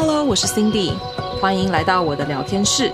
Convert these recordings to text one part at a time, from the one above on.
哈嘍，我是 Cindy，歡迎來到我的聊天室。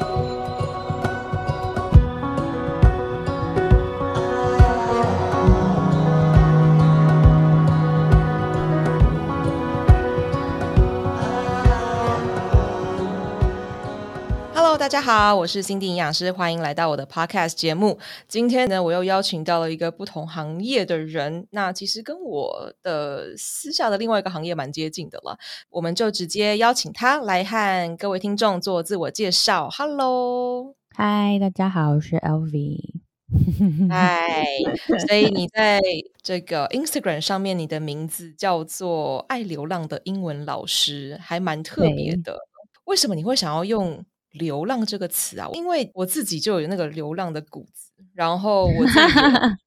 大家好，我是心地營養師，歡迎來到我的 podcast 節目。今天呢，我又邀請到了一個不同行業的人，那其實跟我的私下的另外一個行業蠻接近的了。我們就直接邀請他來和各位聽眾做自我介紹。Hello，Hi，大家好，我是 Elvi。Hi， 所以你在這個 Instagram 上面，你的名字叫做愛流浪的英文老師，還蠻特別的。為什麼你會想要用流浪這個詞啊，因為我自己就有那個流浪的骨子，然後我自己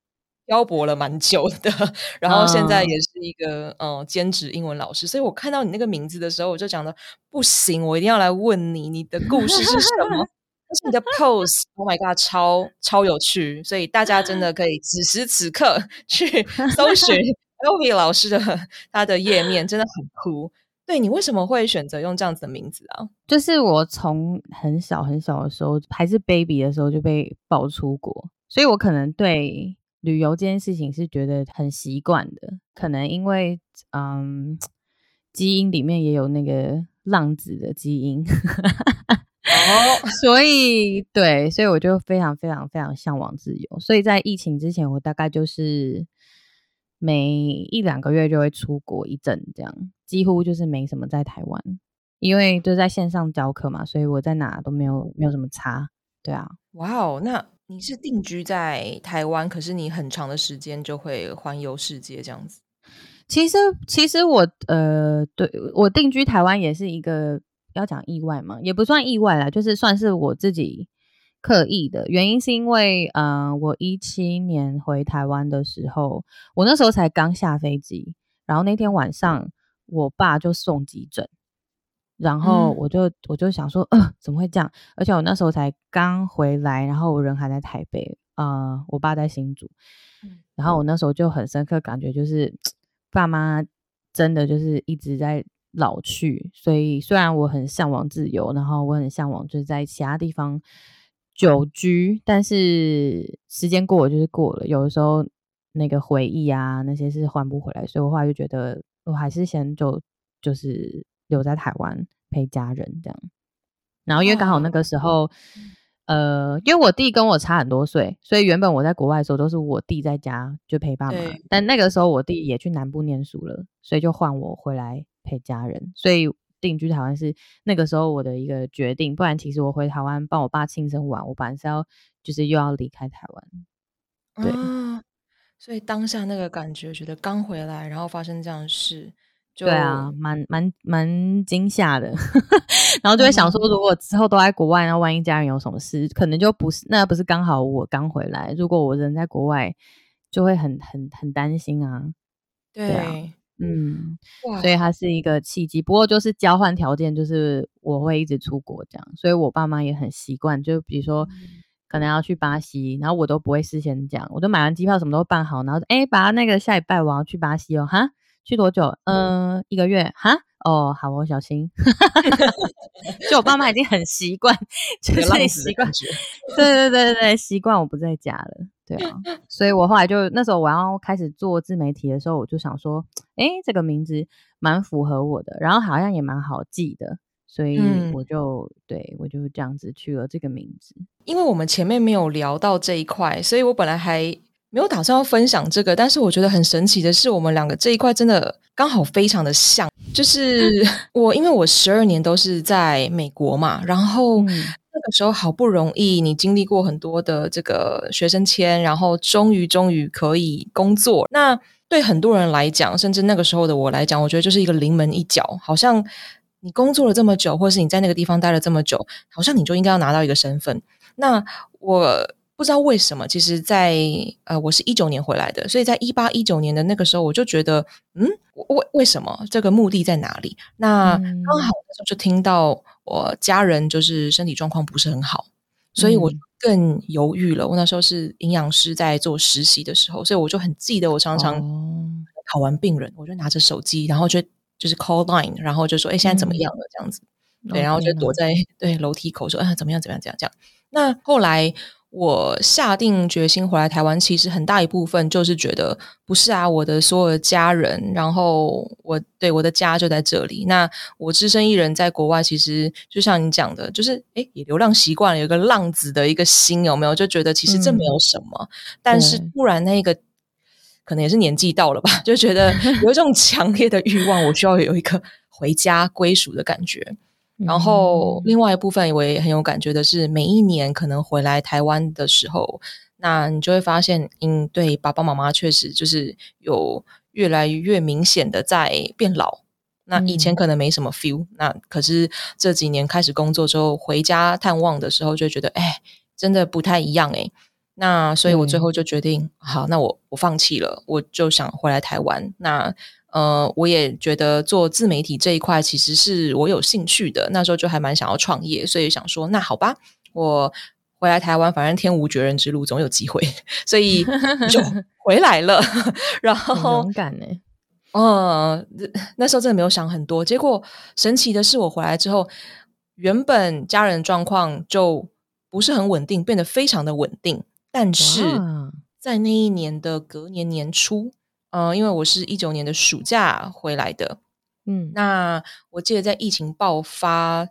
漂泊了蠻久的， 然後現在也是一個嗯、呃、兼職英文老師，所以我看到你那個名字的時候，我就講的 不行，我一定要來問你，你的故事是什麼？ 而且你的 pose，Oh my god，超超有趣，所以大家真的可以此時此刻去搜尋 Elvi 老師的 他的頁面，真的很酷。對，你為什麼會選擇用這樣子的名字啊？就是我從很小很小的時候，還是 baby 的時候就被抱出國，所以我可能對旅遊這件事情是覺得很習慣的。可能因為嗯，基因裡面也有那個浪子的基因，哦、 oh.，所以對，所以我就非常非常非常向往自由。所以在疫情之前，我大概就是每一兩個月就會出國一陣這樣。幾乎就是沒什麼在台灣，因為就在線上教課嘛，所以我在哪都沒有沒有什麼差，對啊。哇哦，那你是定居在台灣，可是你很長的時間就會環遊世界這樣子。其實，其實我呃，對，我定居台灣也是一個要講意外嘛，也不算意外啦，就是算是我自己刻意的原因，是因為呃，我一七年回台灣的時候，我那時候才剛下飛機，然後那天晚上。我爸就送急診，然後我就、嗯、我就想說，呃，怎麼會這樣？而且我那時候才剛回來，然後我人還在台北，啊、呃，我爸在新竹、嗯。然後我那時候就很深刻感覺，就是爸媽真的就是一直在老去。所以雖然我很嚮往自由，然後我很嚮往就是在其他地方久居，但是時間過了就是過了。有的時候那個回憶啊，那些是換不回來，所以我後來就覺得。我還是先就就是留在台灣陪家人這樣，然後因為剛好那個時候、哦，呃，因為我弟跟我差很多歲，所以原本我在國外的時候都是我弟在家就陪爸媽，但那個時候我弟也去南部念書了，所以就換我回來陪家人，所以定居台灣是那個時候我的一個決定，不然其實我回台灣幫我爸慶生完，我反正是要就是又要離開台灣，對。啊所以當下那個感覺，覺得剛回來，然後發生這樣的事就，對啊，蠻蠻蠻驚嚇的。 然後就會想說，如果之後都在國外，那萬一家人有什麼事，可能就不是那不是剛好我剛回來。如果我人在國外，就會很很很擔心啊。對，對啊，嗯，所以它是一個契機。不過就是交換條件，就是我會一直出國這樣。所以我爸媽也很習慣，就比如說。嗯可能要去巴西，然後我都不會事先講，我就買完機票，什麼都辦好，然後哎、欸，把那個下禮拜我要去巴西哦，哈，去多久？呃、嗯，一個月，哈，哦，好哦，小心。就 我爸媽已經很習慣，就是你習慣，對對對對習慣我不在家了，對啊、哦， 所以我後來就那時候我要開始做自媒體的時候，我就想說，誒、欸、這個名字蠻符合我的，然後好像也蠻好記的。所以我就、嗯、對我就這樣子取了這個名字，因為我們前面沒有聊到這一塊，所以我本來還沒有打算要分享這個，但是我覺得很神奇的是，我們兩個這一塊真的剛好非常的像，就是我、嗯、因為我十二年都是在美國嘛，然後那個時候好不容易你經歷過很多的這個學生簽，然後終於終於可以工作，那對很多人來講，甚至那個時候的我來講，我覺得就是一個臨門一腳，好像。你工作了這麼久，或是你在那個地方待了這麼久，好像你就應該要拿到一個身份。那我不知道為什麼，其實在，在呃，我是一九年回來的，所以在一八一九年的那個時候，我就覺得，嗯，為為什麼這個目的在哪裡？那剛好那時候就聽到我家人就是身體狀況不是很好，所以我更猶豫了。我那時候是營養師在做實習的時候，所以我就很記得，我常常考完病人，我就拿着手機，然後就。就是 call line，然後就說：“哎、欸，現在怎麼樣了？”嗯、這樣子，對，Okay. 然後就躲在對樓梯口說：“啊，怎麼樣？怎麼樣？怎麼樣？”這樣。那後來我下定決心回來台灣，其實很大一部分就是覺得不是啊，我的所有的家人，然後我對我的家就在這裡。那我只身一人在國外，其實就像你講的，就是哎、欸，也流浪習慣了，有個浪子的一個心，有沒有？就覺得其實這沒有什麼。嗯、但是突然那個。可能也是年紀到了吧，就覺得有一種強烈的欲望，我需要有一個回家歸屬的感覺。然後另外一部分，我也很有感覺的是，每一年可能回來台灣的時候，那你就會發現，嗯，對爸爸媽媽確實就是有越來越明顯的在變老。那以前可能沒什麼 feel，那可是這幾年開始工作之後，回家探望的時候就覺得，哎，真的不太一樣，哎。那所以，我最後就決定，嗯、好，那我我放棄了，我就想回來台灣。那呃，我也覺得做自媒體這一塊，其實是我有興趣的。那時候就還蠻想要創業，所以想說，那好吧，我回來台灣，反正天無絕人之路，總有機會，所以就回來了。 然後勇敢呢？嗯、欸呃，那時候真的沒有想很多。結果神奇的是，我回來之後，原本家人狀況就不是很穩定，變得非常的穩定。但是在那一年的隔年年初，呃，因為我是一九年的暑假回來的，嗯，那我記得在疫情爆發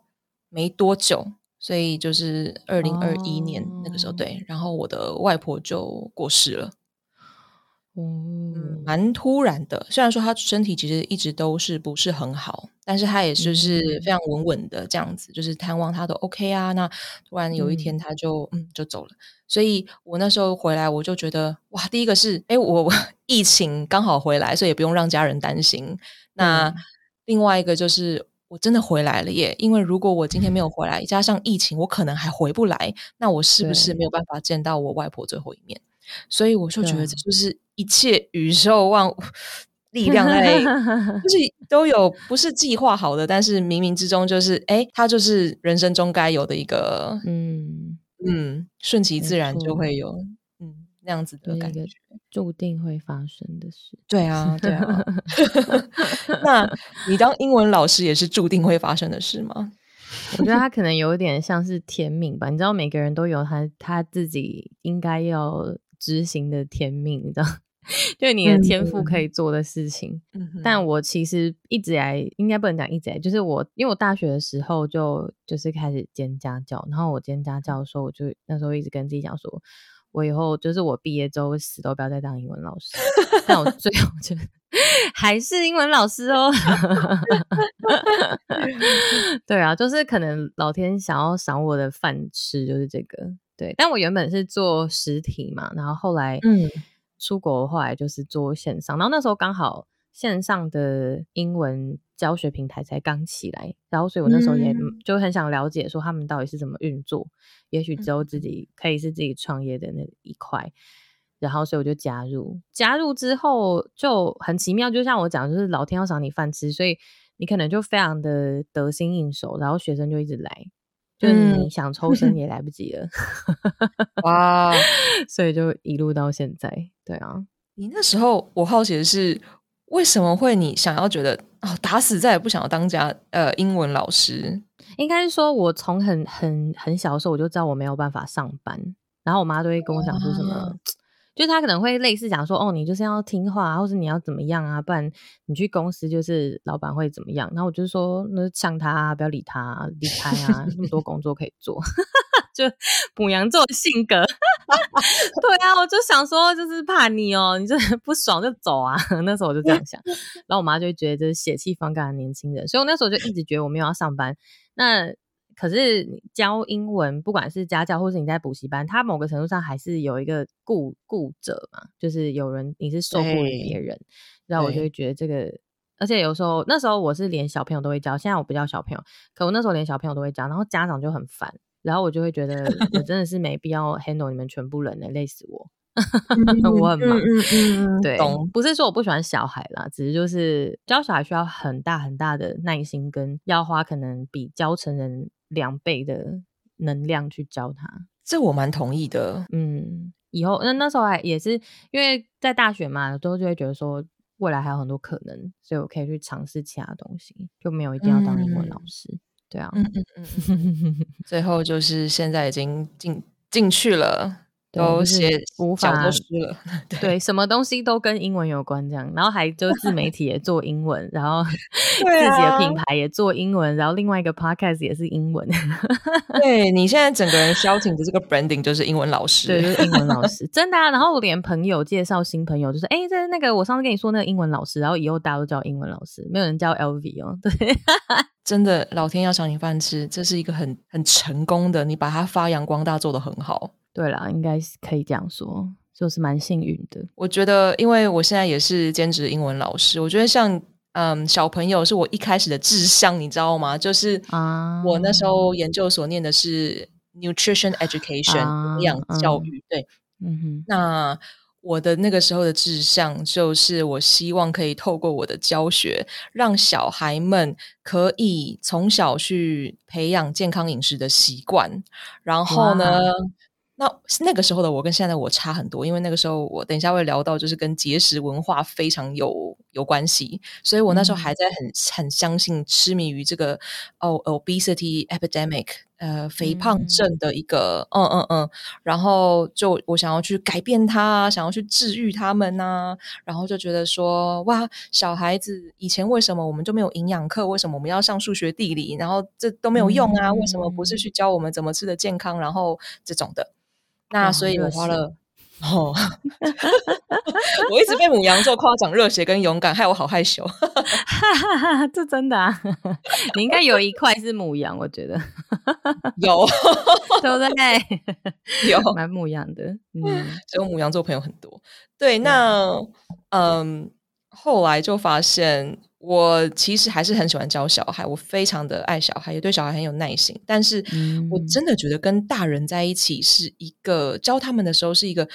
沒多久，所以就是二零二一年那個時候，哦，對，然後我的外婆就過世了。嗯，蠻突然的。雖然說他身體其實一直都是不是很好，但是他也就是非常穩穩的這樣子，嗯、就是探望他都 OK 啊。那突然有一天他就嗯，嗯就走了，所以我那時候回來我就覺得哇，第一個是哎、欸，我我疫情剛好回來，所以也不用讓家人擔心、嗯。那另外一個就是我真的回來了耶，因為如果我今天沒有回來、嗯，加上疫情，我可能還回不來。那我是不是沒有辦法見到我外婆最後一面？所以我就覺得這就是。一切宇宙萬物，力量在，就 是都有不是計劃好的，但是冥冥之中就是，哎，他就是人生中該有的一個，嗯嗯，順其自然就會有，嗯，那樣子的感覺，嗯就是、注定會發生的事。對啊，對啊。 那你當英文老師也是注定會發生的事嗎？我覺得他可能有點像是天命吧， 你知道，每個人都有他他自己應該要執行的天命，你知道。 就你的天賦可以做的事情、嗯，但我其實一直來，應該不能講一直來，就是我因為我大學的時候就就是開始兼家教，然後我兼家教的時候，我就那時候一直跟自己講說，我以後就是我畢業之後死都不要再當英文老師， 但我最後就還是英文老師哦。 對啊，就是可能老天想要賞我的飯吃，就是這個對。但我原本是做實體嘛，然後後來、嗯出國後來就是做線上，然後那時候剛好線上的英文教學平台才剛起來，然後所以我那時候也就很想了解說他們到底是怎麼運作，嗯、也許之後自己可以是自己創業的那一塊、嗯，然後所以我就加入，加入之後就很奇妙，就像我講，就是老天要賞你飯吃，所以你可能就非常的得心應手，然後學生就一直來。就是你想抽身也來不及了，嗯，哇！ 所以就一路到現在，對啊。你那時候我好奇的是，為什麼會你想要覺得哦，打死再也不想要當家呃英文老師？應該是說我從很很很小的時候我就知道我沒有辦法上班，然後我媽都會跟我講說，啊、什麼。就他可能會類似講說，哦，你就是要聽話、啊，或是你要怎麼樣啊，不然你去公司就是老闆會怎麼樣。然後我就說，那嗆他、啊，不要理他，離開啊，那、啊、 麼多工作可以做， 就牡羊座的性格。 對啊，我就想說，就是怕你哦、喔，你這不爽就走啊。 那時候我就這樣想， 然後我媽就覺得這是血氣方剛的年輕人，所以我那時候就一直覺得我沒有要上班。那。可是教英文，不管是家教或是你在補習班，它某個程度上還是有一個雇雇者嘛就是有人你是受雇別人，然後我就會覺得這個，而且有時候那時候我是連小朋友都會教，現在我不教小朋友，可我那時候連小朋友都會教，然後家長就很煩，然後我就會覺得 我真的是沒必要 handle 你們全部人，欸、累死我。 我很忙，嗯嗯嗯、對懂，不是說我不喜歡小孩啦，只是就是教小孩需要很大很大的耐心，跟要花可能比教成人兩倍的能量去教他，這我蠻同意的。嗯，以後那那時候還也是因為在大學嘛，都就會覺得說未來還有很多可能，所以我可以去嘗試其他東西，就沒有一定要當英文老師、嗯。對啊，嗯嗯嗯嗯、 最後就是現在已經進進去了。都寫，無法都了對，對什麼東西都跟英文有關這樣，然後還就自媒體也做英文， 然後自己的品牌也做英文、啊，然後另外一個 podcast 也是英文。 對，你現在整個人消停的這個 branding 就是英文老師， 對，就是英文老師真的、啊。然後連朋友介紹新朋友就是哎， 這是那個我上次跟你說那個英文老師，然後以後大家都叫英文老師，沒有人叫 LV 哦。對， 真的，老天要賞你飯吃，這是一個很很成功的，你把它發揚光大，做得很好。對了，應該是可以這樣說，就是蠻幸運的。我覺得，因為我現在也是兼職英文老師，我覺得像嗯，小朋友是我一開始的志向，你知道嗎？就是啊，我那時候研究所念的是 nutrition education，啊，營養教育，啊嗯，對，嗯哼。那我的那個時候的志向就是，我希望可以透過我的教學，讓小孩們可以從小去培養健康飲食的習慣，然後呢？那那個時候的我跟現在的我差很多，因為那個時候我等一下會聊到，就是跟節食文化非常有有關係，所以我那時候還在很、嗯、很相信、痴迷於這個、oh, obesity epidemic，呃，肥胖症的一個，嗯嗯嗯，嗯，然後就我想要去改變它，想要去治癒他們吶、啊，然後就覺得說，哇，小孩子以前為什麼我們就沒有營養課？為什麼我們要上數學、地理？然後這都沒有用啊、嗯？為什麼不是去教我們怎麼吃的健康？然後這種的。那所以我花了、哦哦、 我一直被牡羊座誇獎熱血跟勇敢，害我好害羞。哈哈哈，這真的啊！ 你應該有一塊是牡羊，我覺得 有，都 概 有，有蠻牡羊的。嗯，所以我牡羊座朋友很多。對，那嗯，嗯，嗯，後來就發現。我其實還是很喜歡教小孩，我非常的愛小孩，也對小孩很有耐心。但是，我真的覺得跟大人在一起是一個、嗯、教他們的時候是一個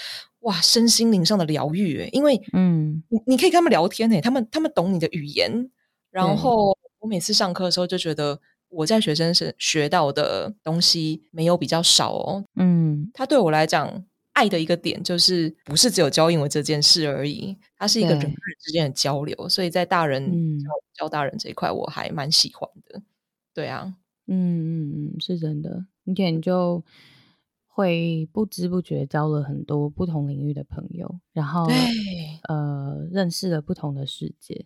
哇，身心靈上的療癒、欸。因為，嗯，你你可以跟他們聊天誒、欸，他們他們懂你的語言。然後，我每次上課的時候就覺得我在學生時學到的東西沒有比較少哦。嗯，他對我來講。愛的一個點就是不是只有教英文這件事而已，它是一個人和人之間的交流，所以在大人教、嗯、教大人這一塊，我還蠻喜歡的。對啊，嗯嗯嗯，是真的，你可能就會不知不覺交了很多不同領域的朋友，然後對，呃，認識了不同的世界。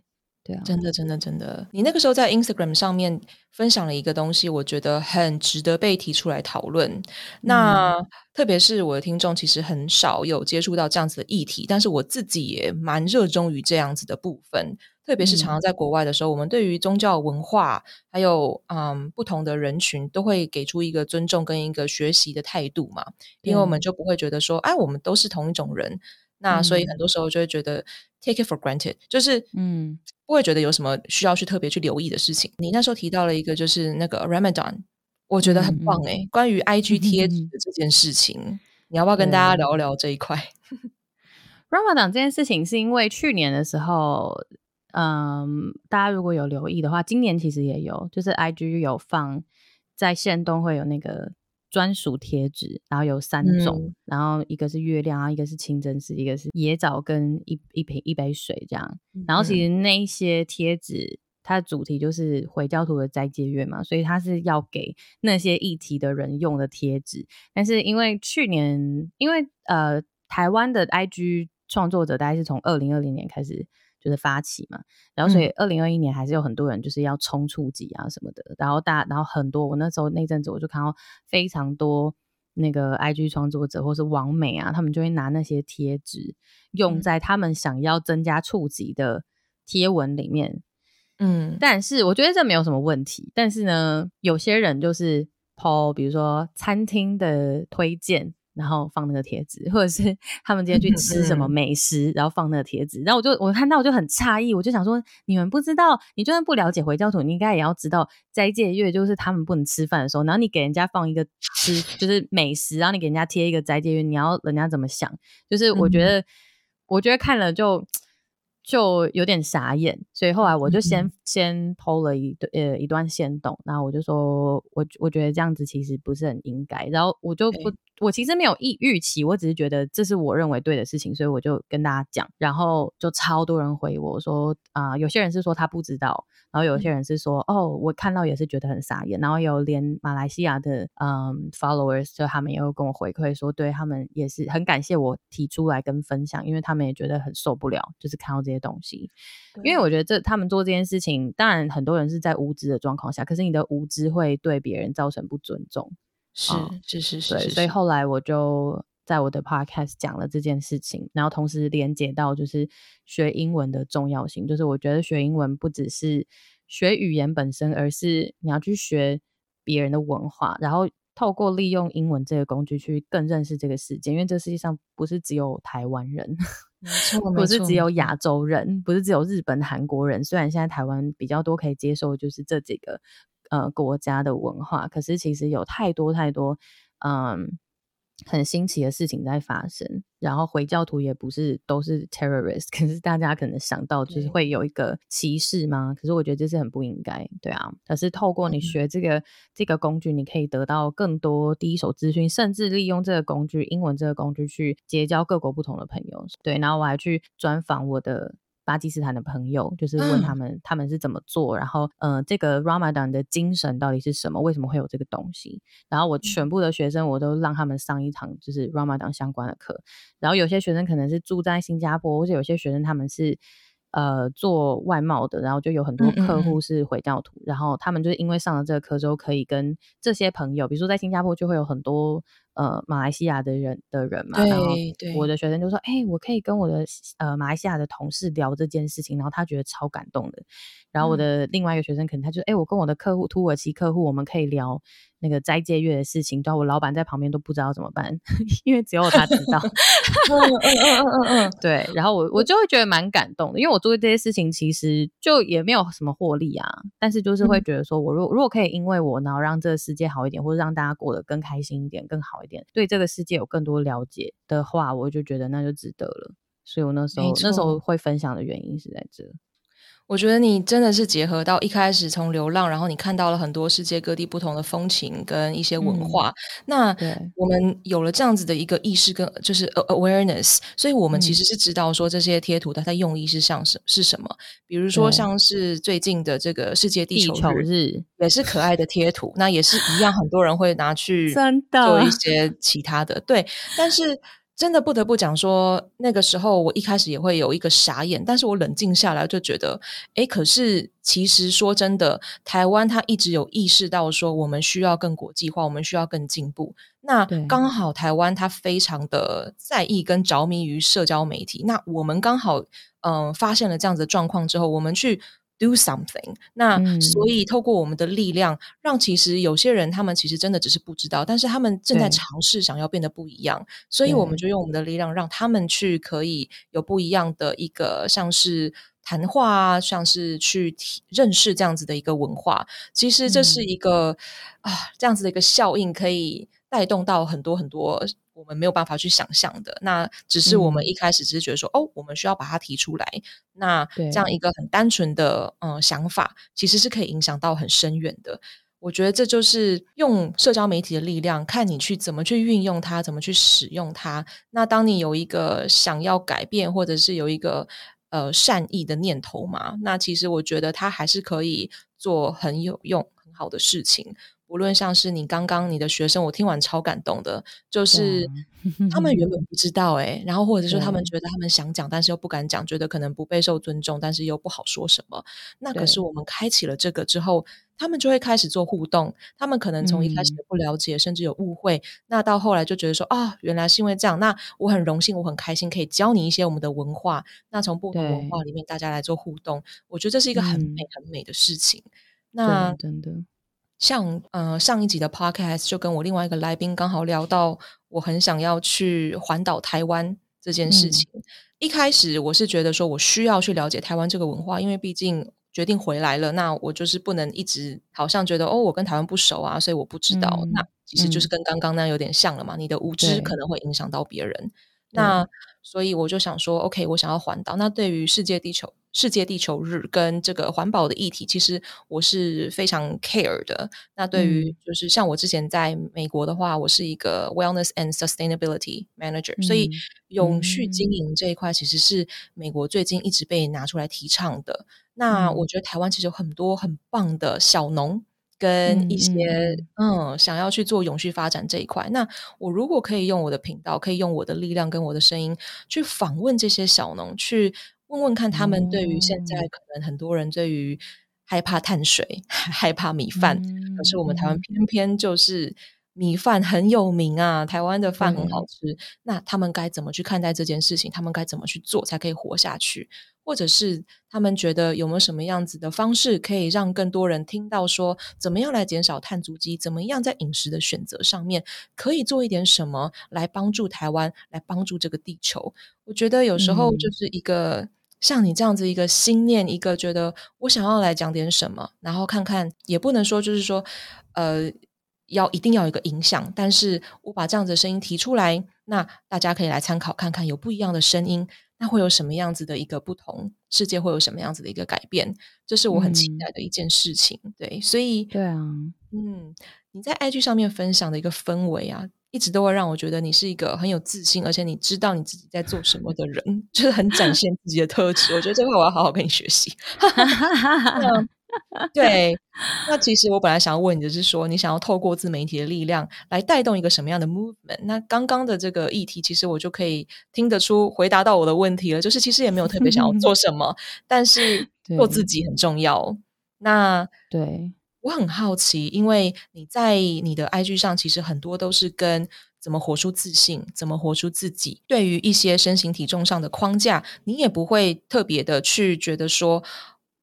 真的，真的，真的。你那個時候在 Instagram 上面分享了一個東西，我覺得很值得被提出來討論。那、嗯、特別是我的聽眾，其實很少有接觸到這樣子的議題，但是我自己也蠻熱衷於這樣子的部分。特別是常常在國外的時候，嗯、我們對於宗教文化，還有嗯不同的人群，都會給出一個尊重跟一個學習的態度嘛，因為我們就不會覺得說，哎、啊，我們都是同一種人。那所以很多時候就會覺得、嗯、take it for granted，就是嗯不會覺得有什麼需要去特別去留意的事情、嗯。你那時候提到了一個就是那個 Ramadan，我覺得很棒哎、欸嗯嗯。關於 IG 貼紙的這件事情嗯嗯，你要不要跟大家聊聊這一塊 ？Ramadan 這件事情是因為去年的時候，嗯、呃，大家如果有留意的話，今年其實也有，就是 IG 有放在限動會有那個。專屬貼紙，然後有三種、嗯，然後一個是月亮、啊，然後一個是清真寺，一個是椰棗跟一一瓶一杯水這樣、嗯。然後其實那些貼紙，它的主題就是回教徒的齋戒月嘛，所以它是要給那些議題的人用的貼紙。但是因為去年，因為呃，台灣的 IG 創作者大概是從二零二零年開始。就是發起嘛，然後所以二零二一年還是有很多人就是要衝觸及啊什麼的，嗯、然後大然後很多我那時候那陣子我就看到非常多那個 IG 創作者或是網美啊，他們就會拿那些貼紙用在他們想要增加觸及的貼文裡面，嗯，但是我覺得這沒有什麼問題，但是呢，有些人就是 po 比如說餐廳的推薦。然後放那個帖子，或者是他們今天去吃什麼美食， 然後放那個帖子。然後我就我看到我就很詫異，我就想說，你們不知道，你就算不了解回教徒，你應該也要知道齋戒月就是他們不能吃飯的時候。然後你給人家放一個吃，就是美食，然後你給人家貼一個齋戒月，你要人家怎麼想？就是我覺得，嗯、我覺得看了就。就有點傻眼，所以後來我就先、嗯、先 po 了一段呃、uh, 一段限動，然後我就說，我我覺得這樣子其實不是很應該，然後我就不、欸、我其實沒有意預期，我只是覺得這是我認為對的事情，所以我就跟大家講，然後就超多人回我說啊、呃，有些人是說他不知道，然後有些人是說、嗯、哦，我看到也是覺得很傻眼，然後有連馬來西亞的嗯、um, followers 就他們也有跟我回饋說對，對他們也是很感謝我提出來跟分享，因為他們也覺得很受不了，就是看到這些。東西，因為我覺得這他們做這件事情，當然很多人是在無知的狀況下，可是你的無知會對別人造成不尊重，是這、哦、是是，是，是，所以後來我就在我的 podcast 講了這件事情，然後同時連接到就是學英文的重要性，就是我覺得學英文不只是學語言本身，而是你要去學別人的文化，然後透過利用英文這個工具去更認識這個世界，因為這世界上不是只有台灣人。不是只有亞洲人不，不是只有日本、韓國人。雖然現在台灣比較多可以接受，就是這幾個呃國家的文化，可是其實有太多太多，嗯、呃。很新奇的事情在發生，然後回教徒也不是都是 terrorist，可是大家可能想到就是會有一個歧視嗎？可是我覺得這是很不應該，對啊。可是透過你學這個、嗯、這個工具，你可以得到更多第一手資訊，甚至利用這個工具，英文這個工具去結交各國不同的朋友，對。然後我還去專訪我的。巴基斯坦的朋友就是問他們、嗯，他們是怎麼做，然後，嗯、呃，這個 Ramadan 的精神到底是什麼？為什麼會有這個東西？然後我全部的學生我都讓他們上一堂就是 Ramadan 相關的課，然後有些學生可能是住在新加坡，或者有些學生他們是呃做外貿的，然後就有很多客戶是回教徒，嗯嗯，然後他們就是因為上了這個課之後，可以跟這些朋友，比如說在新加坡就會有很多。呃，馬來西亞的人的人嘛，然後我的學生就說：“哎、欸，我可以跟我的呃馬來西亞的同事聊這件事情。”然後他覺得超感動的。然後我的另外一個學生可能他就說：“哎、嗯欸，我跟我的客戶土耳其客戶，我們可以聊那個齋戒月的事情。”然後我老板在旁邊都不知道怎麼辦，呵呵因為只有他知道。 對，然後我我就會覺得蠻感動的，因為我做這些事情其實就也沒有什麼獲利啊，但是就是會覺得說我如果、嗯、如果可以因為我然後讓這個世界好一點，或者讓大家過得更開心一點，更好一點，對這個世界有更多了解的話，我就覺得那就值得了。所以我那時候那時候會分享的原因是在這。我覺得你真的是結合到一開始從流浪，然後你看到了很多世界各地不同的風情跟一些文化。嗯、那我們有了這樣子的一個意識跟就是 awareness，嗯、所以我們其實是知道說這些貼圖它的用意是像是是什麼，比如說像是最近的這個世界地球日，地球日也是可愛的貼圖，那也是一樣，很多人會拿去做一些其他的，的對，但是。真的不得不講，說那個時候我一開始也會有一個傻眼，但是我冷靜下來就覺得，欸，可是其實說真的，台灣它一直有意識到說我們需要更國際化，我們需要更進步。那剛好台灣它非常的在意跟着迷於社交媒體，那我們剛好嗯，發現了這樣子的狀況之後，我們去。do something，那所以透過我們的力量、嗯，讓其實有些人他們其實真的只是不知道，但是他們正在嘗試想要變得不一樣，所以我們就用我們的力量讓他們去可以有不一樣的一個像是談話啊，像是去認識這樣子的一個文化，其實這是一個、嗯、啊這樣子的一個效應，可以帶動到很多很多。我們沒有辦法去想象的，那只是我們一開始只是覺得說，嗯、哦，我們需要把它提出來。那這樣一個很單純的嗯、呃、想法，其實是可以影響到很深遠的。我覺得這就是用社交媒體的力量，看你去怎麼去運用它，怎麼去使用它。那當你有一個想要改變，或者是有一個呃善意的念頭嘛，那其實我覺得它還是可以做很有用、很好的事情。無論像是你剛剛你的學生，我聽完超感動的，就是他們原本不知道哎、欸，然後或者說他們覺得他們想講，但是又不敢講，覺得可能不備受尊重，但是又不好說什麼。那可是我們開啟了這個之後，他們就會開始做互動。他們可能從一開始不了解，嗯、甚至有誤會，那到後來就覺得說啊，原來是因為這樣。那我很榮幸，我很開心可以教你一些我們的文化。那從不同文化裡面大家來做互動，我覺得這是一個很美很美的事情。嗯、那等等的。像呃，上一集的 podcast 就跟我另外一個來賓剛好聊到，我很想要去環島台灣這件事情。嗯。一開始我是覺得說，我需要去了解台灣這個文化，因為畢竟決定回來了，那我就是不能一直好像覺得哦，我跟台灣不熟啊，所以我不知道。嗯。那其實就是跟剛剛那樣有點像了嘛，你的無知可能會影響到別人。那所以我就想說，OK，我想要環島，那對於世界地球、世界地球日跟這個環保的議題，其實我是非常 care 的。那對於就是像我之前在美國的話，我是一個 wellness and sustainability manager，嗯，所以永續經營這一塊其實是美國最近一直被拿出來提倡的。那我覺得台灣其實有很多很棒的小農。跟一些嗯，嗯，想要去做永續發展這一塊，那我如果可以用我的頻道，可以用我的力量跟我的聲音，去訪問這些小農，去問問看他們對於現在可能很多人對於害怕碳水、害怕米飯，嗯，可是我們台灣偏偏就是。米飯很有名啊，台灣的飯很好吃。嗯、那他們該怎麼去看待這件事情？他們該怎麼去做才可以活下去？或者是他們覺得有沒有什麼樣子的方式，可以讓更多人聽到說怎麼樣來減少碳足跡？怎麼樣在飲食的選擇上面可以做一點什麼來幫助台灣，來幫助這個地球？我覺得有時候就是一個像你這樣子一個心念，嗯、一個覺得我想要來講點什麼，然後看看也不能說就是說呃。要一定要有一個影響，但是我把這樣子的聲音提出來，那大家可以來參考看看，有不一樣的聲音，那會有什麼樣子的一個不同世界，會有什麼樣子的一個改變，這是我很期待的一件事情。嗯、對，所以對啊，嗯，你在 IG 上面分享的一個氛圍啊，一直都會讓我覺得你是一個很有自信，而且你知道你自己在做什麼的人，就是很展現自己的特質。 我覺得這塊我要好好跟你學習。哈哈哈哈。 對，那其實我本來想要問你的就是說，你想要透過自媒體的力量來帶動一個什麼樣的 movement？那剛剛的這個議題，其實我就可以聽得出回答到我的問題了。就是其實也沒有特別想要做什麼， 但是做自己很重要。對那對我很好奇，因為你在你的 IG 上，其實很多都是跟怎麼活出自信、怎麼活出自己。對於一些身形體重上的框架，你也不會特別的去覺得說。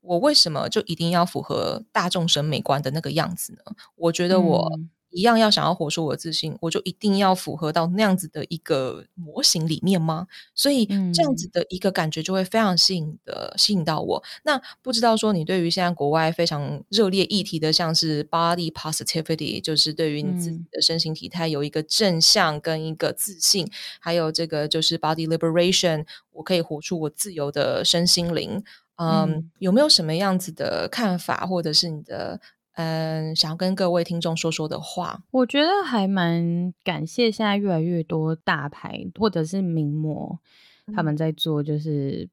我為什麼就一定要符合大眾審美觀的那個樣子呢？我覺得我一樣要想要活出我自信，嗯，我就一定要符合到那樣子的一個模型裡面嗎？所以這樣子的一個感覺就會非常吸引的吸引到我，嗯。那不知道說你對於現在國外非常熱烈議題的，像是 body positivity，就是對於你自己的身形體態有一個正向跟一個自信，嗯，還有這個就是 body liberation，我可以活出我自由的身心靈。Um, 嗯，有沒有什麼樣子的看法，或者是你的嗯，想要跟各位聽眾說說的話？我覺得還蠻感謝，現在越來越多大牌或者是名模，嗯，他們在做就是。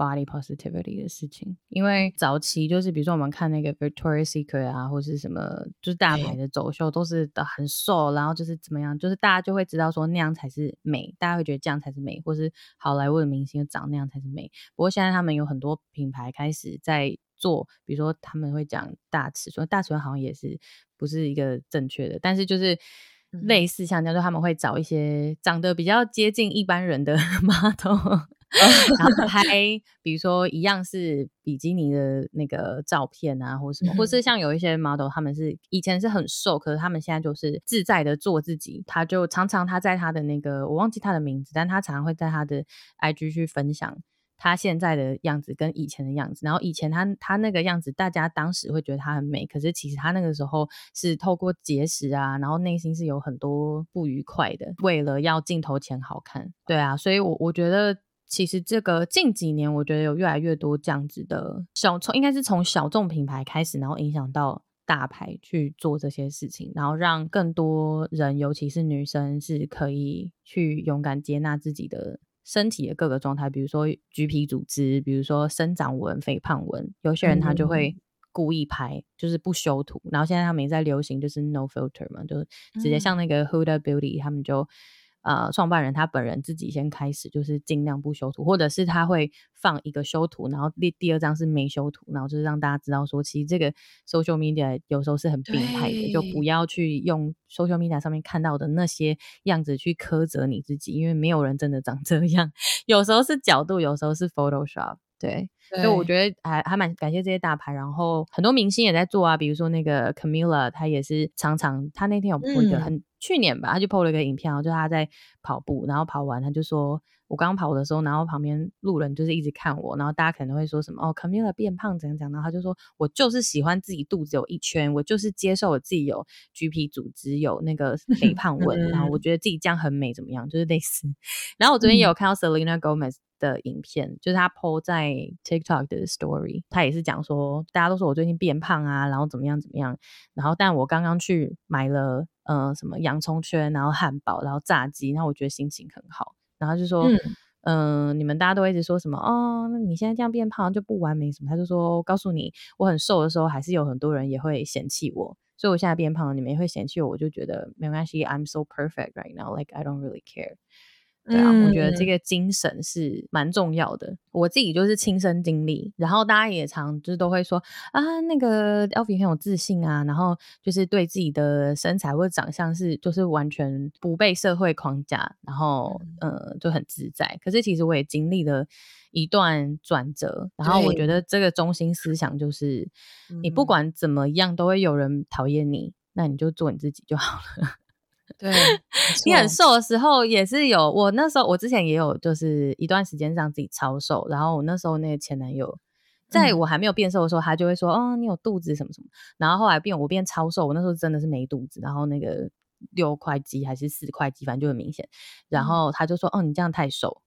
Body positivity 的事情，因為早期就是比如說我們看那個 Victoria's Secret 啊，或者是什麼，就是大牌的走秀都是很瘦，然後就是怎麼樣，就是大家就會知道說那樣才是美，大家會覺得這樣才是美，或是好萊塢的明星長那樣才是美。不過現在他們有很多品牌開始在做，比如說他們會講大尺寸，大尺寸好像也是不是一個正確的，但是就是類似像這樣，就他們會找一些長得比較接近一般人的 model。 然後拍，比如說一樣是比基尼的那個照片啊，或者什麼， 或是像有一些 model，他們是以前是很瘦，可是他們現在就是自在的做自己。他就常常他在他的那個，我忘記他的名字，但他常常會在他的 IG 去分享他現在的樣子跟以前的樣子。然後以前他他那個樣子，大家當時會覺得他很美，可是其實他那個時候是透過節食啊，然後內心是有很多不愉快的，為了要鏡頭前好看。對啊，所以我我覺得。其實這個近幾年，我覺得有越來越多這樣子的小從，應該是從小眾品牌開始，然後影響到大牌去做這些事情，然後讓更多人，尤其是女生，是可以去勇敢接納自己的身體的各個狀態，比如說橘皮組織，比如說生長紋、肥胖紋，有些人他就會故意拍，嗯、就是不修圖，然後現在他們也在流行，就是 no filter 嘛，就直接像那個 Huda Beauty，嗯、他們就。呃，創辦人他本人自己先開始，就是盡量不修圖，或者是他會放一個修圖，然後第第二張是沒修圖，然後就是讓大家知道說，其實這個 social media 有時候是很病態的，就不要去用 social media 上面看到的那些樣子去苛責你自己，因為沒有人真的長這樣， 有時候是角度，有時候是 Photoshop。對，所以我覺得還還蠻感謝這些大牌，然後很多明星也在做啊，比如說那個 Camilla，他也是常常，他那天有 po 一個、嗯、很去年吧，他就 po 了一個影片，就是，他在跑步，然後跑完他就說，我剛跑的時候，然後旁邊路人就是一直看我，然後大家可能會說什麼哦，Camila 變胖怎樣怎樣，然後他就說我就是喜歡自己肚子有一圈，我就是接受我自己有橘皮組織有那個肥胖紋， 然後我覺得自己這樣很美，怎麼樣？就是類似。然後我昨天有看到 Selena Gomez 的影片，嗯、就是他 PO 在 TikTok 的 story，他也是講說大家都說我最近變胖啊，然後怎麼樣怎麼樣，然後但我剛剛去買了呃什麼洋蔥圈，然後漢堡，然後炸雞，然後我覺得心情很好。然後就說，嗯、呃，你們大家都一直說什麼？哦，那你現在這樣變胖就不完美什麼？他就說，告訴你，我很瘦的時候還是有很多人也會嫌棄我，所以我現在變胖了，你們也會嫌棄我。我就覺得沒關係，I'm so perfect right now, like I don't really care。對啊，我覺得這個精神是蠻重要的、嗯。我自己就是親身經歷，然後大家也常就是都會說啊，那個 Elvi 很有自信啊，然後就是對自己的身材或者長相是就是完全不被社會框架，然後嗯、呃、就很自在。可是其實我也經歷了一段轉折，然後我覺得這個中心思想就是，你不管怎麼樣都會有人討厭你，那你就做你自己就好了。對 你很瘦的時候也是有，我那時候我之前也有，就是一段時間讓自己超瘦，然後我那時候那個前男友在我還沒有變瘦的時候，他就會說：“哦，你有肚子什麼什麼。”然後後來變我變超瘦，我那時候真的是沒肚子，然後那個六塊肌還是四塊肌，反正就很明顯。然後他就說：“哦，你這樣太瘦。”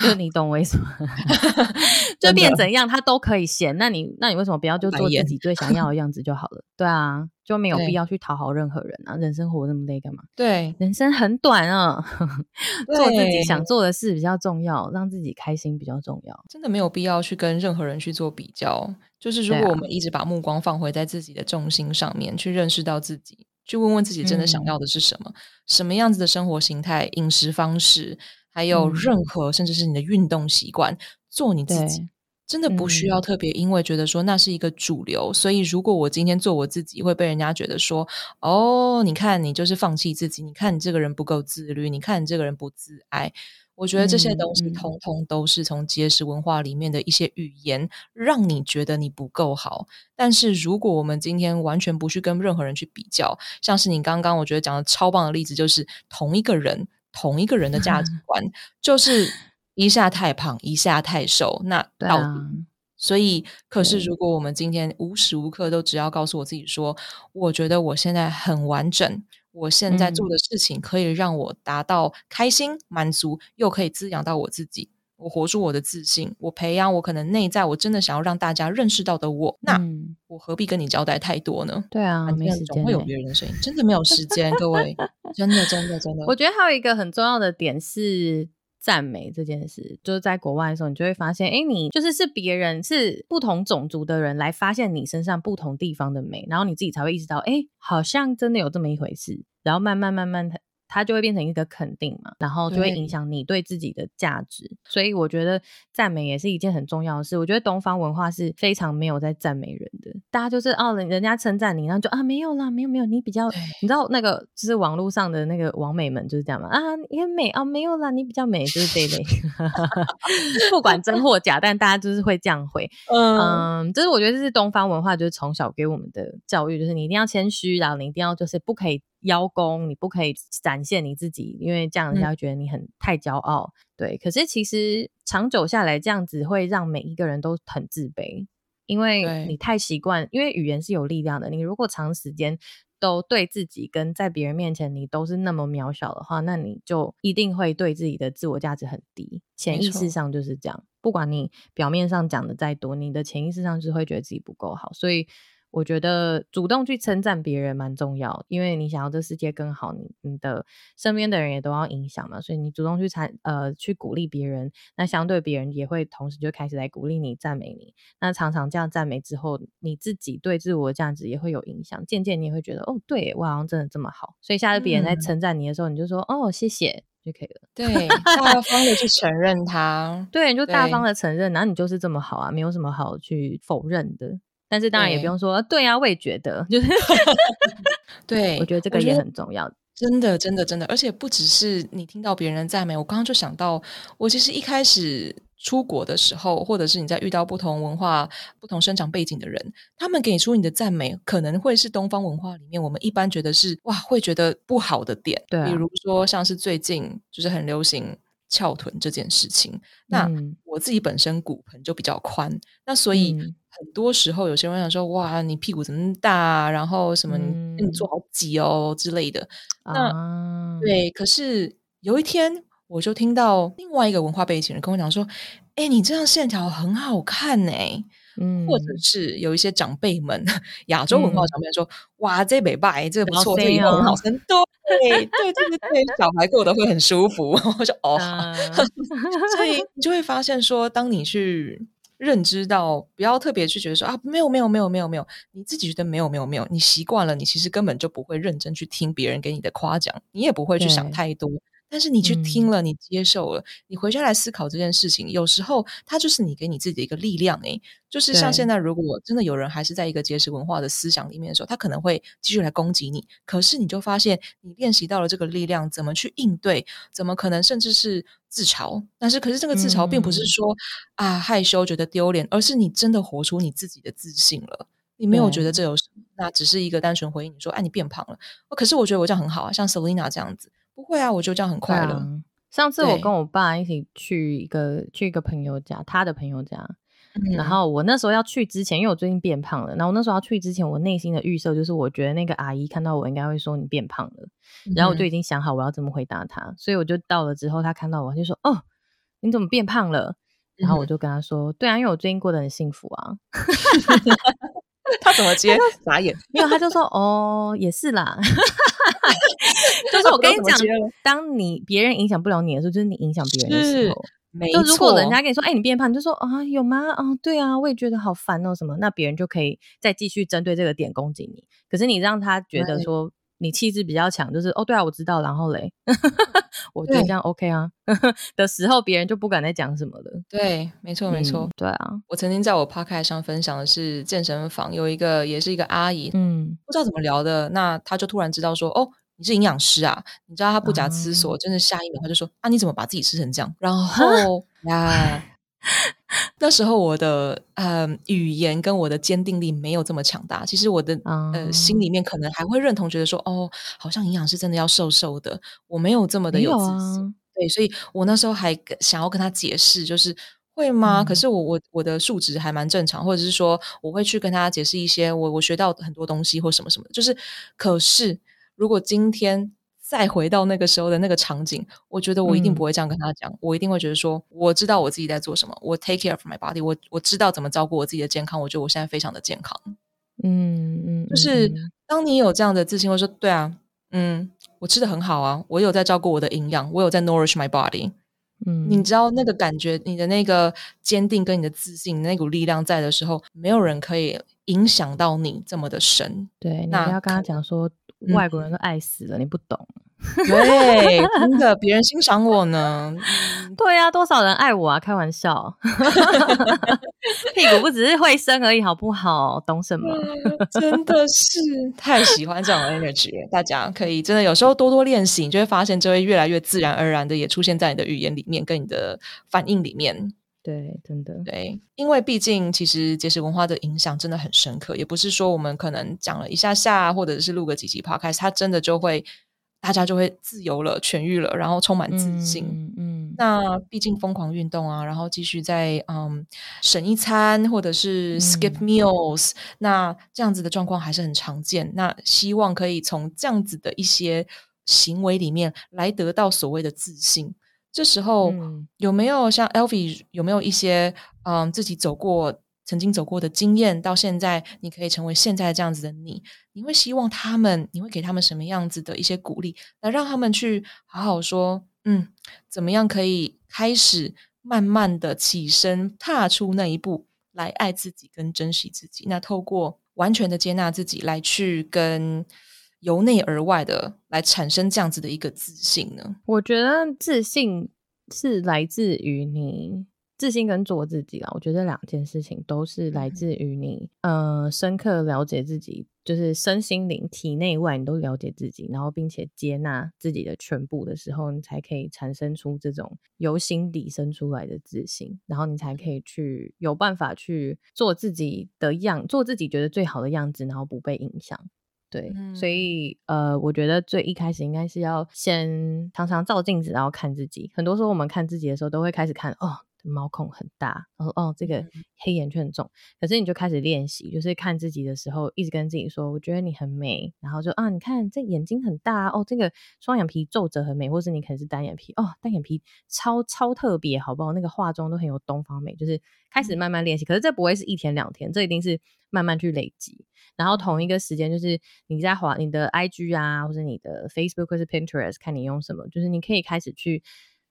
就你懂，為什麼？ 就變怎樣，他都可以嫌。 那你，那你為什麼不要就做自己最想要的樣子就好了？ 對啊，就沒有必要去討好任何人啊！人生活那麼累幹嘛？對，人生很短啊， 做自己想做的事比較重要，讓自己開心比較重要。真的沒有必要去跟任何人去做比較。就是如果我們一直把目光放回在自己的重心上面，啊、去認識到自己，去問問自己真的想要的是什麼，嗯、什麼樣子的生活形態、飲食方式。還有任何甚至是你的運動習慣，嗯、做你自己，真的不需要特別、嗯。因為覺得說那是一個主流，所以如果我今天做我自己，會被人家覺得說：“哦，你看你就是放棄自己，你看你這個人不夠自律，你看你這個人不自愛。”我覺得這些東西通通都是從節食文化裡面的一些語言、嗯，讓你覺得你不夠好。但是如果我們今天完全不去跟任何人去比較，像是你剛剛我覺得講的超棒的例子，就是同一個人。同一個人的價值觀，嗯、就是一下太胖，一下太瘦。那到底、啊？所以，可是如果我們今天無時無刻都只要告訴我自己說，我覺得我現在很完整，我現在做的事情可以讓我達到開心、嗯、滿足，又可以滋養到我自己。我活出我的自信，我培養我可能內在，我真的想要讓大家認識到的我，那我何必跟你交代太多呢？對啊，沒時間，總會有別人的聲音、欸，真的沒有時間， 各位，真的真的真的，真的。我覺得還有一個很重要的點是讚美這件事，就是在國外的時候，你就會發現，哎、欸，你就是是別人是不同種族的人來發現你身上不同地方的美，然後你自己才會意識到，哎、欸，好像真的有這麼一回事，然後慢慢慢慢他。它就會變成一個肯定嘛，然後就會影響你對自己的價值，所以我覺得讚美也是一件很重要的事。我覺得東方文化是非常沒有在讚美人的，大家就是哦，人家稱讚你，然後就啊，沒有啦，沒有沒有，你比較，你知道那個就是網絡上的那個網美們就是這樣嘛啊，你很美啊，沒有啦，你比較美，就是這一類， 不管真或假，但大家就是會這樣回嗯，嗯，就是我覺得這是東方文化，就是從小給我們的教育，就是你一定要謙虛，然後你一定要就是不可以。邀功，你不可以展現你自己，因為這樣人家覺得你很、嗯、太驕傲。對，可是其實長久下來這樣子會讓每一個人都很自卑，因為你太習慣。因為語言是有力量的，你如果長時間都對自己跟在別人面前你都是那麼渺小的話，那你就一定會對自己的自我價值很低。潛意識上就是這樣，不管你表面上講的再多，你的潛意識上就是會覺得自己不夠好，所以。我覺得主動去稱讚別人蠻重要，因為你想要這世界更好，你你的身邊的人也都要影響嘛，所以你主動去讚呃去鼓勵別人，那相對別人也會同時就開始來鼓勵你、讚美你。那常常這樣讚美之後，你自己對自我價值也會有影響，漸漸你也會覺得哦，對，我好像真的這麼好，所以下次別人在稱讚你的時候，嗯、你就說哦謝謝就可以了。對， 大方的去承認他， 對，你就大方的承認，那你就是這麼好啊，沒有什麼好去否認的。但是當然也不用說，對，對啊，我也覺得，就 是 對，我覺得這個也很重要。真的，真的，真的，而且不只是你聽到別人讚美，我剛剛就想到，我其實一開始出國的時候，或者是你在遇到不同文化、不同生長背景的人，他們給出你的讚美，可能會是東方文化裡面我們一般覺得是哇，會覺得不好的點。對、啊，比如說像是最近就是很流行翹臀這件事情，嗯、那我自己本身骨盆就比較寬，那所以、嗯。很多時候，有些人想說：“哇，你屁股這麼大，然後什麼你、嗯哎、你坐好擠哦之類的。那”那、啊、對，可是有一天我就聽到另外一個文化背景人跟我講說：“哎，你這樣線條很好看哎、欸。”嗯，或者是有一些長輩們亞洲文化長輩說、嗯：“哇，這尾巴這個不錯，這一很好深、哦，對對對對， 小孩坐得會很舒服。 我說”我就哦，啊、 所以你就會發現說，當你去。認知到，不要特別去覺得說啊，沒有沒有沒有沒有沒有，你自己覺得沒有沒有沒有，你習慣了，你其實根本就不會認真去聽別人給你的誇獎，你也不會去想太多。但是你去聽了、嗯，你接受了，你回家來思考這件事情，有時候它就是你給你自己的一個力量哎、欸，就是像現在，如果真的有人還是在一個節食文化的思想裡面的時候，他可能會繼續來攻擊你。可是你就發現，你練習到了這個力量，怎麼去應對？怎麼可能，甚至是自嘲？但是，可是這個自嘲並不是說、嗯、啊害羞、覺得丟臉，而是你真的活出你自己的自信了。你沒有覺得這有什麼，那只是一個單純回應。你說，哎、啊，你變胖了，可是我覺得我這樣很好啊，像 Selina 這樣子。不會啊，我就這樣很快樂、啊。上次我跟我爸一起去一個去一個朋友家，他的朋友家、嗯，然後我那時候要去之前，因為我最近變胖了，然後我那時候要去之前，我內心的預設就是，我覺得那個阿姨看到我應該會說你變胖了，嗯、然後我就已經想好我要怎麼回答她，所以我就到了之後，她看到我就說哦，你怎麼變胖了？嗯、然後我就跟她說，對啊，因為我最近過得很幸福啊。 他怎麼接？傻眼！沒有，他就說 哦，也是啦。 就是我跟你講 ，當你別人影響不了你的時候，就是你影響別人的時候、嗯。就如果人家跟你說：“哎、欸，你變胖”，你就說：“啊、哦，有嗎？啊、哦，對啊，我也覺得好煩哦。”什麼？那別人就可以再繼續針對這個點攻擊你。可是你讓他覺得說。嗯你氣質比較強，就是哦，對啊，我知道，然後嘞，對 我覺得這樣 OK 啊 的時候，別人就不敢再講什麼了。對，沒錯，沒錯，嗯、對啊。我曾經在我 p 開上分享的是健身房有一個也是一個阿姨，嗯，不知道怎麼聊的，那她就突然知道說，哦，你是營養師啊？你知道她不假思索，真的下一秒她就說，啊，你怎麼把自己吃成這樣？然後呀。 啊 那時候我的、呃、語言跟我的堅定力沒有這麼強大。其實我的、嗯呃、心裡面可能還會認同，覺得說哦，好像營養師真的要瘦瘦的。我沒有這麼的有自信、啊。對，所以我那時候還想要跟他解釋，就是會嗎？嗯、可是我我我的數值還蠻正常，或者是說我會去跟他解釋一些我我學到很多東西或什麼什麼就是，可是如果今天。再回到那個時候的那個場景，我覺得我一定不會這樣跟他講，嗯、我一定會覺得說，我知道我自己在做什麼，我 take care of my body，我我知道怎麼照顧我自己的健康，我覺得我現在非常的健康，嗯嗯，就是當你有這樣的自信，會說對啊，嗯，我吃得很好啊，我有在照顧我的營養，我有在 nourish my body，嗯，你知道那個感覺，你的那個堅定跟你的自信，那股力量在的時候，沒有人可以影響到你這麼的神。對，那不要跟他講說，外國人都愛死了，你不懂。喂， 真的，別人欣賞我呢。 對呀，啊，多少人愛我啊？開玩笑， 屁股不只是會生而已，好不好？懂什麼？ 真的是太喜歡這種 energy，大家可以真的有時候多多練習，你就會發現就會越來越自然而然的也出現在你的語言裡面，跟你的反應裡面。對，真的對，因為畢竟其實節食文化的影響真的很深刻，也不是說我們可能講了一下下，或者是錄個幾集 podcast，它真的就會大家就會自由了、痊癒了，然後充滿自信。嗯，嗯那畢竟瘋狂運動啊，然後繼續在嗯省一餐或者是 skip meals，嗯，那這樣子的狀況還是很常見。那希望可以從這樣子的一些行為裡面來得到所謂的自信。這時候，嗯，有沒有像 Elvi 有沒有一些嗯自己走過曾經走過的經驗？到現在你可以成為現在這樣子的你，你會希望他們，你會給他們什麼樣子的一些鼓勵，來讓他們去好好說嗯怎麼樣可以開始慢慢地起身踏出那一步，來愛自己跟珍惜自己？那透過完全的接納自己來去跟，由內而外的來產生這樣子的一個自信呢？我覺得自信是來自於你自信跟做自己了。我覺得兩件事情都是來自於你，嗯、呃，深刻了解自己，就是身心靈體內外你都了解自己，然後並且接納自己的全部的時候，你才可以產生出這種由心底生出來的自信，然後你才可以去有辦法去做自己的樣，做自己覺得最好的樣子，然後不被影響。對、嗯，所以呃，我覺得最一開始應該是要先常常照鏡子，然後看自己。很多時候我們看自己的時候，都會開始看哦。毛孔很大，然後、哦、哦，這個黑眼圈很重，嗯，可是你就開始練習，就是看自己的時候，一直跟自己說，我覺得你很美，然後就啊，你看這眼睛很大哦，這個雙眼皮皺褶很美，或是你可能是單眼皮哦，單眼皮超超特別，好不好？那個化妝都很有東方美，就是開始慢慢練習，嗯。可是這不會是一天兩天，這一定是慢慢去累積。然後同一個時間，就是你在滑你的 IG 啊，或者你的 Facebook 或是 Pinterest，看你用什麼，就是你可以開始去。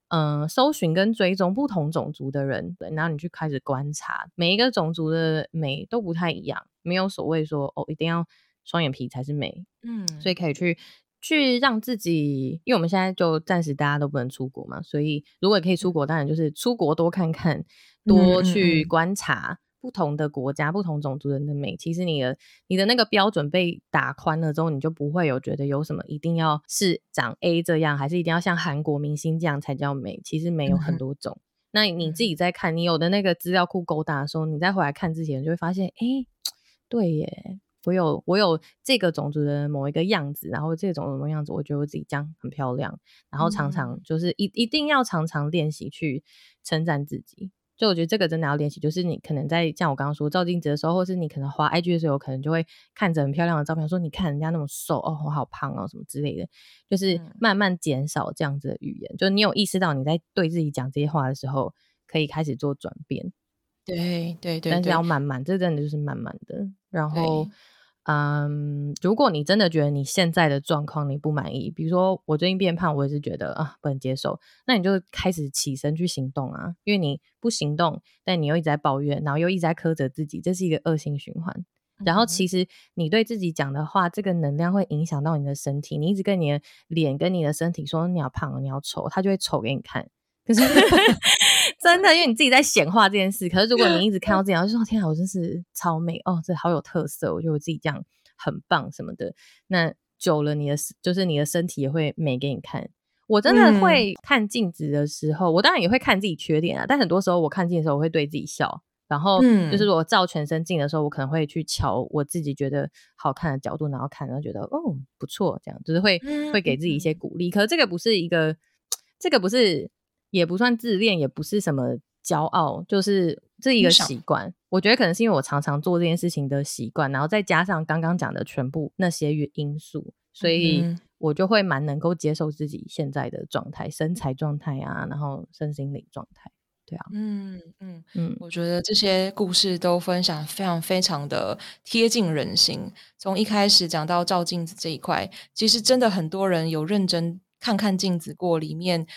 嗯、呃，搜尋跟追蹤不同種族的人，對，然後你去開始觀察每一個種族的美都不太一樣，沒有所謂說哦，一定要雙眼皮才是美，嗯，所以可以去去讓自己，因為我們現在就暫時大家都不能出國嘛，所以如果可以出國，當然就是出國多看看，多去觀察。嗯嗯嗯不同的國家、不同種族人的美，其實你的你的那個標準被打寬了之後，你就不會有覺得有什麼一定要是長 A 這樣，還是一定要像韓國明星這樣才叫美。其實美有很多種。嗯、那你自己在看你有的那個資料庫夠，大的時候你再回來看之前，就會發現，哎、欸，對耶，我有我有這個種族的某一個樣子，然後這種什麼樣子，我覺得我自己這樣很漂亮。然後常常就是一、嗯、一定要常常練習去稱讚自己。所以我覺得這個真的要練習，就是你可能在像我剛剛說照鏡子的時候，或是你可能滑 IG 的時候，可能就會看着很漂亮的照片，說你看人家那麼瘦哦，我好胖哦，什麼之類的，就是慢慢減少這樣子的語言、嗯。就你有意識到你在對自己講這些話的時候，可以開始做轉變。對對，對對對，但是要慢慢，這真的就是慢慢的，然後。嗯，如果你真的覺得你現在的狀況你不滿意，比如說我最近變胖，我也是覺得啊不能接受，那你就開始起身去行動啊，因為你不行動，但你又一直在抱怨，然後又一直在苛責自己，這是一個惡性循環。嗯。然後其實你對自己講的話，這個能量會影響到你的身體，你一直跟你的臉跟你的身體說你要胖，你要醜，他就會醜給你看。可是 真的，因為你自己在顯化這件事。可是如果你一直看到這樣，我就說“天哪，我真是超美哦，這好有特色”，我覺得我自己這樣很棒什麼的。那久了，你的就是你的身體也會美給你看。我真的會看鏡子的時候，我當然也會看自己缺點啊。但很多時候我看鏡的時候，我會對自己笑，然後就是我照全身鏡的時候，我可能會去瞧我自己覺得好看的角度，然後看，然後覺得“哦不錯”，這樣就是會會給自己一些鼓勵。可是這個不是一個，這個不是。也不算自戀，也不是什麼驕傲，就是這一個習慣。我覺得可能是因為我常常做這件事情的習慣，然後再加上剛剛講的全部那些因素，所以我就會蠻能夠接受自己現在的狀態、嗯、身材狀態啊，然後身心靈狀態，對啊，嗯嗯嗯。我覺得這些故事都分享非常非常的貼近人心，從一開始講到照鏡子這一塊，其實真的很多人有認真看看鏡子過裡面，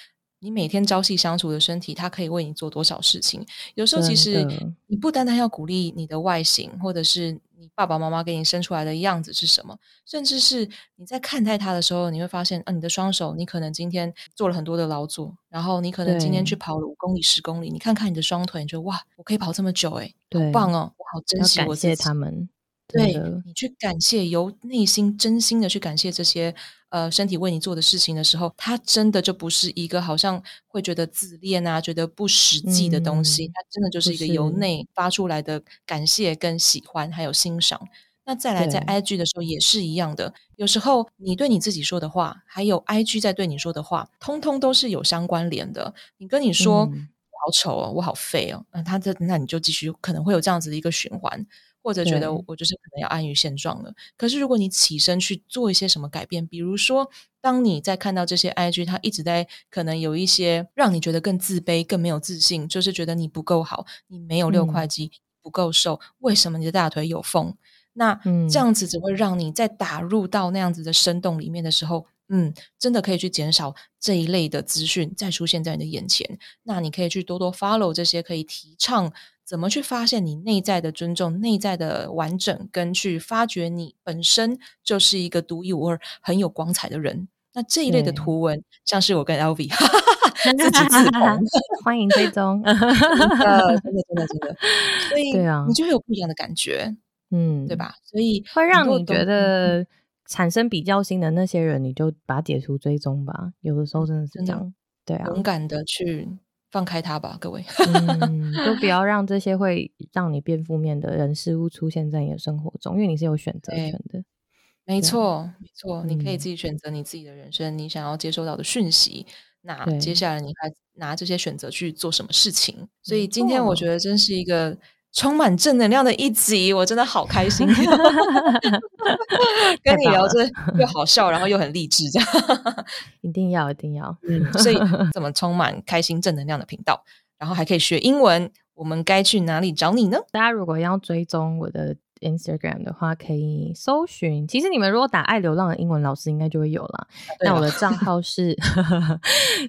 你每天朝夕相處的身體，它可以為你做多少事情？有時候其實你不單單要鼓勵你的外形，或者是你爸爸媽媽給你生出來的樣子是什麼，甚至是你在看待他的時候，你會發現啊，你的雙手，你可能今天做了很多的勞作，然後你可能今天去跑了五公里、十公里，你看看你的雙腿，你就哇，我可以跑這麼久、欸，誒，好棒哦，我好珍惜我，我謝謝他們。對，你去感謝，由內心真心的去感謝這些呃身體為你做的事情的時候，它真的就不是一個好像會覺得自戀啊，覺得不實際的東西。嗯、它真的就是一個由內發出來的感謝跟喜歡，還有欣賞。那再來在 IG 的時候也是一樣的。有時候你對你自己說的話，還有 IG 在對你說的話，通通都是有相關聯的。你跟你說、嗯、我好醜哦、啊，我好廢哦、啊，那、呃、他這那你就繼續可能會有這樣子的一個循環。或者覺得我就是可能要安於現狀了。可是如果你起身去做一些什麼改變，比如說當你在看到這些 IG，它一直在可能有一些讓你覺得更自卑、更沒有自信，就是覺得你不夠好，你沒有六塊肌、嗯、不夠瘦，為什麼你的大腿有縫？那這樣子只會讓你在打入到那樣子的深洞裡面的時候，嗯，嗯，真的可以去減少這一類的資訊再出現在你的眼前。那你可以去多多 follow 這些可以提倡。怎麼去發現你內在的尊重、內在的完整，跟去發掘你本身就是一個獨一無二、很有光彩的人？那這一類的圖文，像是我跟 Elvi 自始自 歡迎追蹤。 真，真，真，真對啊，你就會有不一樣的感覺，嗯，對吧？所以會讓你覺得、嗯、產生比較心的那些人，你就把解除追蹤吧。有的時候真的是這樣，真的對啊，勇敢的去。放開他吧，各位，都、 嗯、不要讓這些會讓你變負面的人事物 出現在你的生活中，因為你是有選擇權的。沒錯，沒錯，你可以自己選擇你自己的人生，嗯、你想要接收到的訊息。那接下來，你該拿這些選擇去做什麼事情？所以今天，我覺得真是一個。充滿正能量的一集，我真的好開心哦！ 跟你聊着，又好笑，然後又很勵志，這樣一定要，一定要，定要嗯，所以這麼充滿開心正能量的頻道，然後還可以學英文，我們該去哪裡找你呢？大家如果要追蹤我的 Instagram 的話，可以搜尋。其實你們如果打“愛流浪”的英文，老師應該就會有了，啊啊。那我的賬號是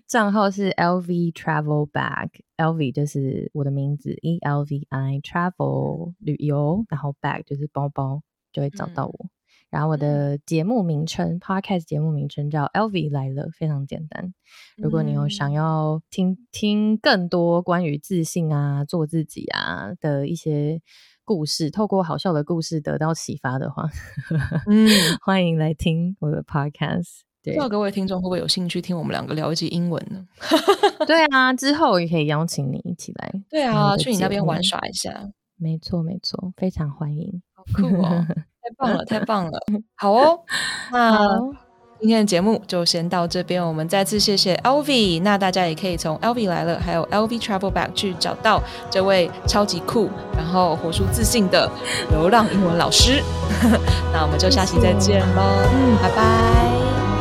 賬 號是 Elvi Travel Bag，Elvi 就是我的名字，E L V I Travel 旅遊，然後 Bag 就是包包，就會找到我。嗯、然後我的節目名稱、嗯、Podcast 節目名稱叫 Elvi 來了，非常簡單。如果你有想要聽、嗯、聽更多關於自信啊、做自己啊的一些。故事，透過好笑的故事得到啟發的話， 嗯， 歡迎來聽我的 podcast。不知道各位聽眾會不會有興趣聽我們兩個聊一集英文呢？ 對啊，之後也可以邀請你一起來一。對啊，去你那邊玩耍一下。 沒錯，沒錯，非常歡迎。好酷哦！太棒了，太棒了。 好哦，那今天的節目就先到這邊，我們再次謝謝 Elvi。那大家也可以從 Elvi 來了，還有 Elvi Travel Back 去找到這位超級酷，然後活出自信的流浪英文老師， 那我們就下期再見嘍，嗯，拜拜。